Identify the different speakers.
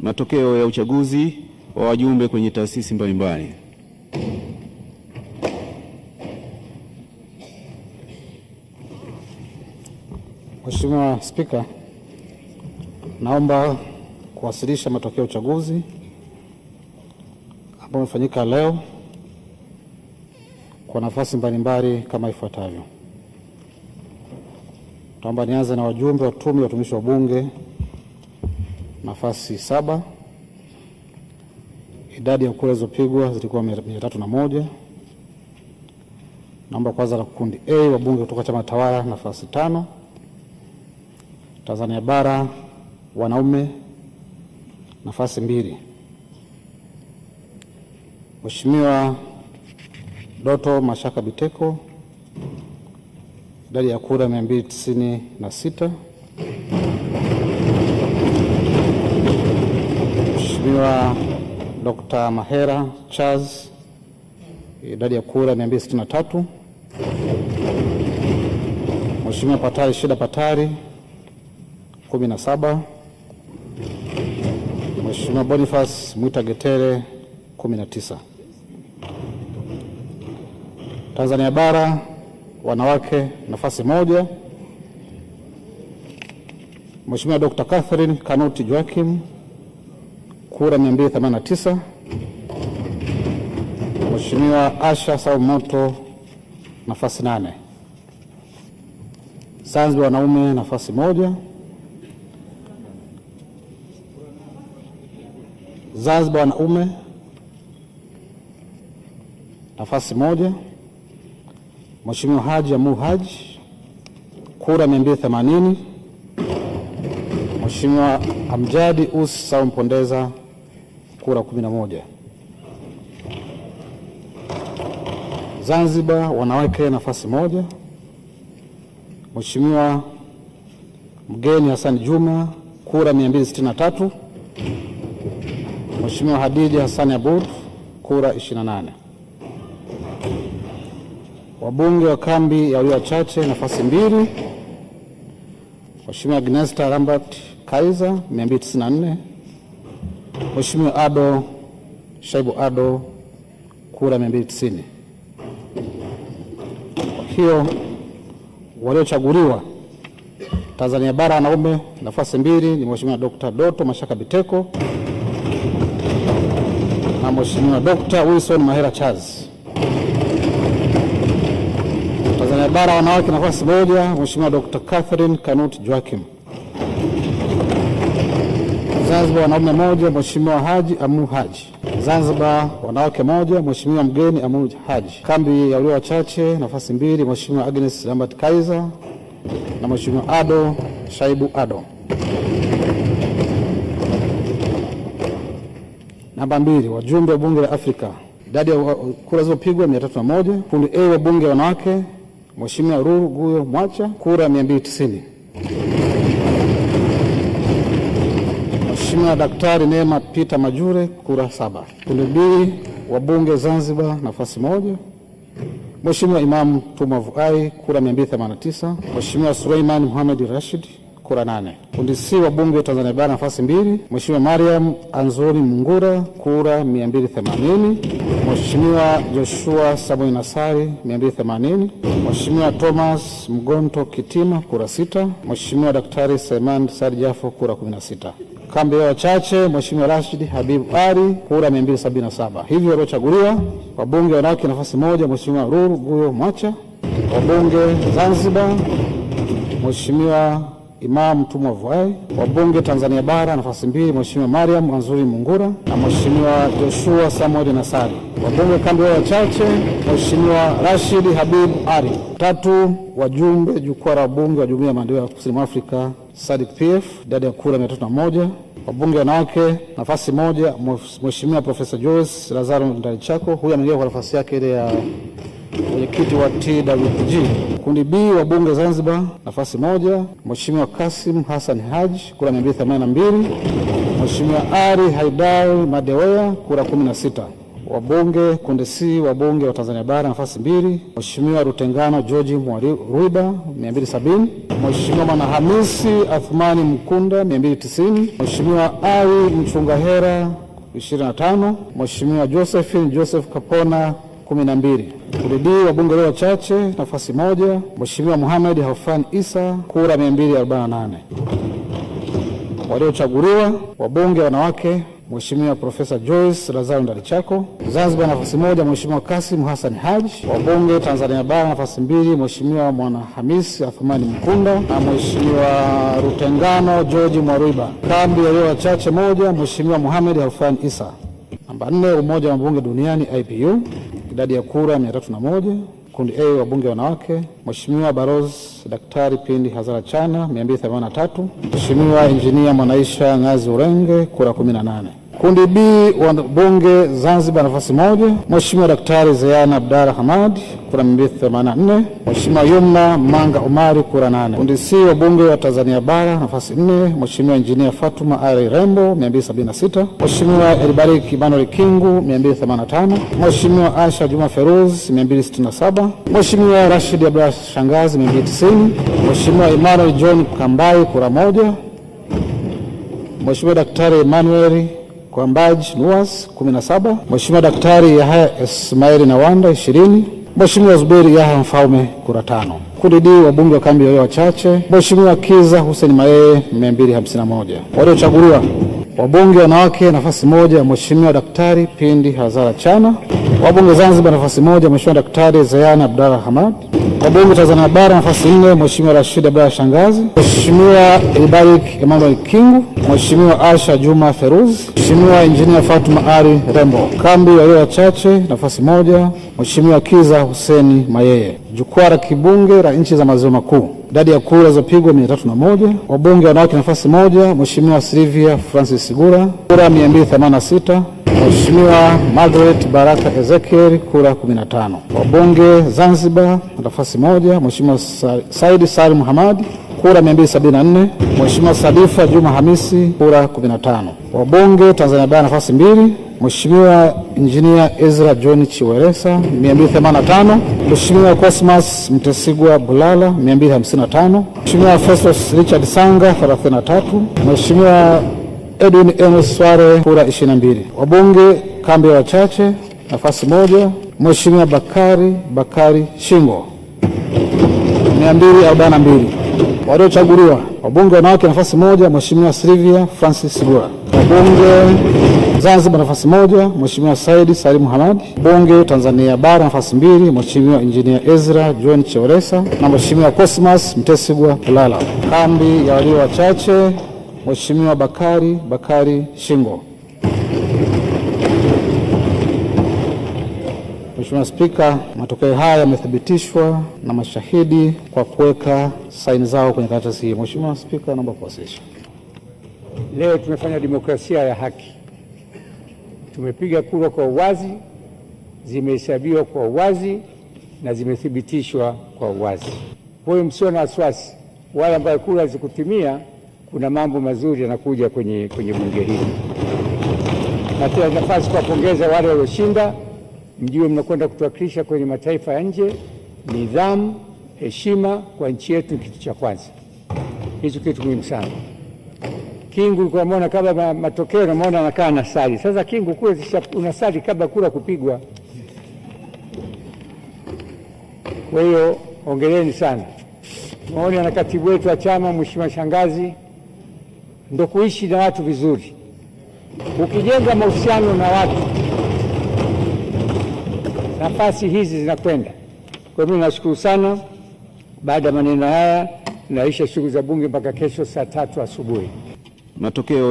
Speaker 1: matokeo ya uchaguzi wa wajumbe kwenye taasisi mbalimbali.
Speaker 2: Mheshimiwa Spika, naomba kuwasilisha matokeo ya uchaguzi ambao umefanyika leo kwa nafasi mbalimbali kama ifuatavyo. Naomba nianze na wajumbe wa Tume ya watumishi wa Bunge nafasi saba. Idadi ya kura zilizopigwa zilikuwa mia tatu na moja. Naomba kwanza la kundi A wabunge kutoka chama tawala nafasi tano. Tanzania bara wanaume nafasi mbili. Mheshimiwa Doto Mashaka Biteko idadi ya kura mia mbili tisini na sita. Mheshimiwa Dr. Mahera Charles, idadi ya kura 263. Mheshimiwa Patari Shida Patari 17. Mheshimiwa Boniface Mwita Getere 19. Tanzania Bara wanawake nafasi moja. Mheshimiwa Dr. Catherine Kanuti Joachim kura 289. Mheshimiwa Asha Sau Moto nafasi nane. Sanzi wanaume nafasi moja. Zanzibar wanaume nafasi moja. Mheshimiwa Haji Amu Haji kura 280. Mheshimiwa Amjadi Us Sau Mpondeza kura 11. Zanzibar wanawake nafasi moja. Mheshimiwa Mgeni Hassan Juma kura 263. Mheshimiwa Hadija Hassan Abud kura 28. Wabunge wa kambi ya walio wachache nafasi mbili. Mheshimiwa Gnesta Lambert Kaiser 294. Mheshimiwa Ado Shaibu Ado kura 290. Kwa hiyo waliochaguliwa Tanzania Bara wanaume nafasi mbili ni Mheshimiwa Dr. Doto Mashaka Biteko na Mheshimiwa Dr. Wilson Mahera Charles. Tanzania Bara wanawake nafasi moja, Mheshimiwa Dr. Catherine Kanut Joachim. Zanzibar wanaume moja, Mheshimiwa Haji Amu Haji. Zanzibar wanawake moja, Mheshimiwa mgeni Amu Haji. Kambi ya ulio wachache nafasi mbili, Mheshimiwa Agnes Lambert Kaiser na Mheshimiwa Ado Shaibu Ado. Namba mbili, wajumbe wa bunge la Afrika, idadi ya kura zilizopigwa 301. Kundi A wa bunge wanawake, Mheshimiwa Ruru Guyo Mwacha, kura 290. Mheshimiwa Daktari Neema Peter Majure kura saba. Kundi B wabunge Zanzibar nafasi moja. Mheshimiwa Imam Tuma Vuai kura 289. Mheshimiwa Suleiman Muhamed Rashid kura nane. Kundi C wabunge Tanzania Bara nafasi mbili. Mheshimiwa Mariam Anzoni Mungura kura 280. Mheshimiwa Joshua Samuel Nasari 280. Mheshimiwa Thomas Mgonto Kitima kura sita. Mheshimiwa Daktari Seman Sari Jafo kura 16 kambi ya wachache, Mheshimiwa Rashid Habib Ali kura 277. Hivyo waliochaguliwa wabunge wanawake nafasi moja, Mheshimiwa Ruru guyo Mwacha. Wabunge Zanzibar, Mheshimiwa Imam Mtumwa Vuai, wabunge Tanzania Bara nafasi mbili, Mheshimiwa Mariam anzuri Mungura na Mheshimiwa Joshua Samuel Nasari, wabunge kambi ya wachache, Mheshimiwa Rashid Habib ari tatu, wajumbe jukwaa la wabunge wa Jumuiya ya Maendeleo ya Kusini mwa Afrika SADC PF, idadi ya kura 301 wabunge wanawake nafasi moja, Mheshimiwa Profesa Joyce Lazaro Ndalichako, huyu ameingia kwa nafasi yake ile ya mwenyekiti wa TWG. Kundi B wa bunge Zanzibar, nafasi moja, Mheshimiwa Kasim Hassan Haji kura 282, Mheshimiwa Ali Haidari Madewea kura 16. Wabunge kundi C wabunge wa Tanzania bara nafasi mbili, Mheshimiwa Rutengano George Mwaruiba 270, Mheshimiwa Mwanahamisi Athmani Mkunda 290, Mheshimiwa Ali Mchungahera 25, Mheshimiwa Josephine Joseph Kapona kumi na mbili. Uridii wabunge leo wachache, nafasi moja. Mheshimiwa muhamed Halfan Isa, kura 248. Waliochaguliwa wabunge wanawake Mheshimiwa Profesa Joyce Lazaro Ndalichako. Zanzibar nafasi moja, Mheshimiwa Kasim Hassan Haji. Wabunge Tanzania Bara nafasi mbili, Mheshimiwa Mwana hamis Athumani Mkunda na Mheshimiwa Rutengano George Mwaruiba. Kambi walio wachache moja, Mheshimiwa Mohamed Hafan Isa. Namba nne, Umoja wa Mabunge Duniani IPU idadi ya kura mia na moja. Kundi A wabunge wanawake, Mheshimiwa Barozi Daktari Pindi Hazara Chana 283, Mheshimiwa Injinia Mwanaisha Ng'azi Urenge kura 18. Kundi B wa bunge Zanzibar nafasi moja, Mheshimiwa Daktari Zeyana Abdalla Hamad kura 284, Mheshimiwa Yumna Manga Umari kura 8. Kundi C bunge wa Tanzania Bara nafasi 4, Mheshimiwa Injinia Fatuma Ali Rembo 276, Mheshimiwa Elibariki Banori Kingu 285, Mheshimiwa Aisha Juma Feruz 267, Mheshimiwa Rashid Abdalla Shangazi 290, Mheshimiwa Emmanuel John Kambai kura moja, Mheshimiwa Daktari Emmanuel kwa Mbaji Nuwas 17, Mheshimiwa Daktari Yahya Ismaili Nawanda 20, Mheshimiwa Zuberi Yahya Mfaume kura tano. Kundi D wabunge wa kambi walio wachache, Mheshimiwa Kiza Hussein Mayeye 251. Waliochaguliwa wabunge wanawake nafasi moja, Mheshimiwa Daktari Pindi Hazara Chana Wabunge Zanzibar nafasi moja, Mheshimiwa Daktari Zayana Abdalla Hamad. Wabunge Tanzania Bara nafasi nne, Mheshimiwa Rashid Abdalla Shangazi, Mheshimiwa ibarik Emmanuel Kingu, Mheshimiwa Asha Juma Feruz, Mheshimiwa Injinia Fatuma Ali Rembo. Kambi walio wachache nafasi moja, Mheshimiwa Kiza Huseni Mayeye. Jukwaa la Kibunge la Nchi za Maziwa Makuu idadi ya kura zilizopigwa mia tatu na moja. Wabunge wanawake nafasi moja, Mheshimiwa Silvia Francis Sigura, kura 286. Mheshimiwa Margaret Baraka Ezekiel kura 15. Wabunge Zanzibar nafasi moja, Mheshimiwa Said Salim Hamad kura 274, Mheshimiwa Sadifa Juma Hamisi kura 15. Wabunge Tanzania Bara nafasi mbili, Mheshimiwa Injinia Ezra John Chiweresa 285, Mheshimiwa Cosmas Mtesigwa Bulala 255, Mheshimiwa Festus Richard Sanga 33, Mheshimiwa Edwin Enos Sware kura 22, wabunge kambi ya wachache nafasi moja, Mheshimiwa Bakari Bakari Shingo 242, waliochaguliwa wabunge wanawake nafasi moja, Mheshimiwa Silvia Francis Sigura, wabunge Zanzibar nafasi moja, Mheshimiwa Saidi Salim hamadi Bunge Tanzania Bara nafasi mbili, Mheshimiwa Injinia Ezra John Cheoresa na Mheshimiwa Cosmas Mtesigwa Kulala. Kambi ya walio wachache Mheshimiwa Bakari Bakari Shingo. Mheshimiwa Spika, matokeo haya yamethibitishwa na mashahidi kwa kuweka saini zao kwenye karatasi hii. Mheshimiwa Spika, naomba kuwasilisha.
Speaker 3: Leo tumefanya demokrasia ya haki, tumepiga kura kwa uwazi, zimehesabiwa kwa uwazi na zimethibitishwa kwa uwazi. Kwa hiyo msio na wasiwasi, wale ambayo kura zikutimia kuna mambo mazuri yanakuja kwenye, kwenye bunge hili. Natoa nafasi kuwapongeza wale walioshinda, mjue mnakwenda kutuwakilisha kwenye mataifa ya nje. Nidhamu, heshima kwa nchi yetu ni kitu cha kwanza, hicho kitu muhimu sana. Kingu kwa unamuona kabla matokeo, unamuona anakaa sali. Sasa Kingu kule unasali kabla kura kupigwa. Kwa hiyo ongeleni sana, maoni na katibu wetu wa chama Mheshimiwa Shangazi ndo kuishi na watu vizuri. Ukijenga mahusiano na watu, nafasi hizi zinakwenda. Kwa hivyo nashukuru sana. Baada ya maneno haya, naisha shughuli za bunge mpaka kesho saa tatu asubuhi. Matokeo